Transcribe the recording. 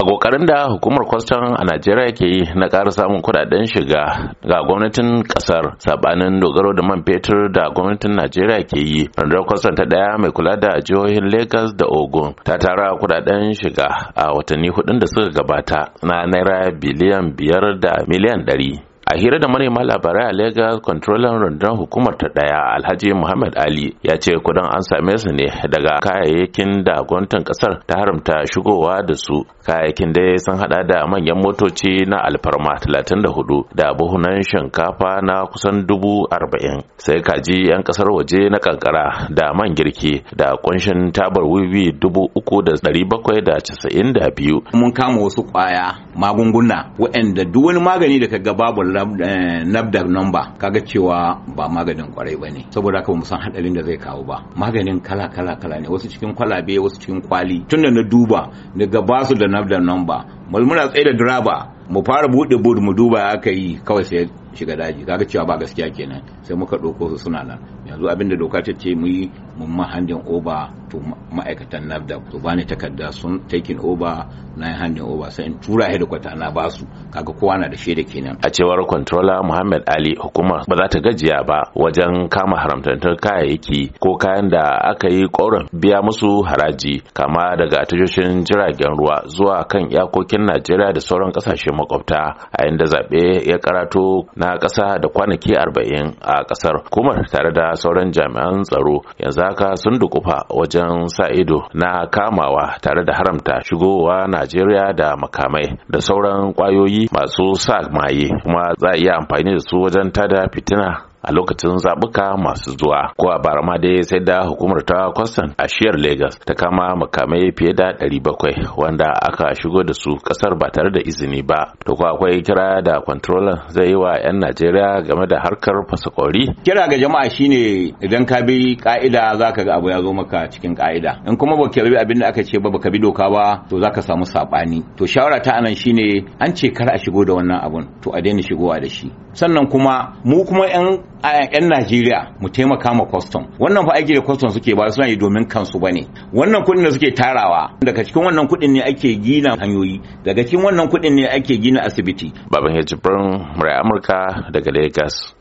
a kokarin da hukumar kwastan a najeriya ke yi na ƙara samun kudaden shiga ga gwamnatin ƙasar sabanin dogaro da man fetur da gwamnatin najeriya ke yi rundunar kwastam ta daya mai kula da jihohin lagos da ogun ta tara kudaden shiga a watanni hudun da suka gabata na naira biliyan biyar da miliyan ɗari a hira da manema labarai a lagos controller rundunar hukumar ta daya alhaji muhammad ali ya ce kudin an same su ne daga kayayyakin da gwamnatin kasar ta haramta shigowa da su kayayyakin dai sun hada da manyan motoci na alfarma 34 da buhunan shinkafa na kusan dubu arba'in sai kaji 'yan kasar waje na kankara da man girki da kunshin tabar wiwi dubu uku da dari bakwai da casa'in da biyu mun kama wasu kwaya magunguna waɗanda duk wani magani da ka ga babu Eh, nabdar number kaga cewa ba maganin kwarai ba ne saboda haka mu san hadarin da zai kawo ba maganin kala kala kala ne wasu cikin kwalabe wasu cikin kwali tun da na duba ga basu da nabdar number mulmuna tsaye da driver mu fara buɗe board mu duba aka yi kawai sai shiga daji kaga cewa ba gaskiya kenan sai muka ɗauko su suna nan yanzu abinda doka ta ce mu yi mun handin oba to ma'aikatan nafda to ba ne takarda sun taken oba na yi handin oba sai in tura ya kwata na ba su kaga kowa na da shaida kenan a cewar controller muhammad ali hukuma ba za ta gajiya ba wajen kama haramtattun kayayyaki ko kayan da aka yi koren biya musu haraji kama daga tashoshin jiragen ruwa zuwa kan iyakokin najeriya da sauran kasashe makwabta a inda zaɓe ya karato na ƙasa da kwanaki arba'in a ƙasar kuma tare da sauran jami'an tsaro yanzu haka sun dukufa wajen sa ido na kamawa tare da haramta shigowa najeriya da makamai da sauran kwayoyi masu sa maye kuma za a iya amfani da su wajen tada fitina a lokacin zabuka masu zuwa ko a bara ma dai sai da hukumar ta kwastan a shiyar lagos ta kama makamai fiye da 700 wanda aka shigo da su kasar ba tare da izini ba to ko akwai kira da controller zai yi wa 'yan najeriya game da harkar fasakori kira ga jama'a shine idan ka bi ka'ida zaka ga abu ya zo maka cikin ka'ida in kuma ba baka bi abin da aka ce ba baka bi doka ba to zaka samu sabani to shawara ta anan shine an ce kar a shigo da wannan abun to a daina shigowa da shi sannan kuma mu kuma yan yan Najeriya mu taimaka ma custom wannan fa aiki da custom suke ba suna yi domin kansu bane wannan kuɗin da suke tarawa daga cikin wannan kuɗin ne ake gina hanyoyi daga cikin wannan kuɗin ne ake gina asibiti baban ya jibrin murai Amurka daga Lagos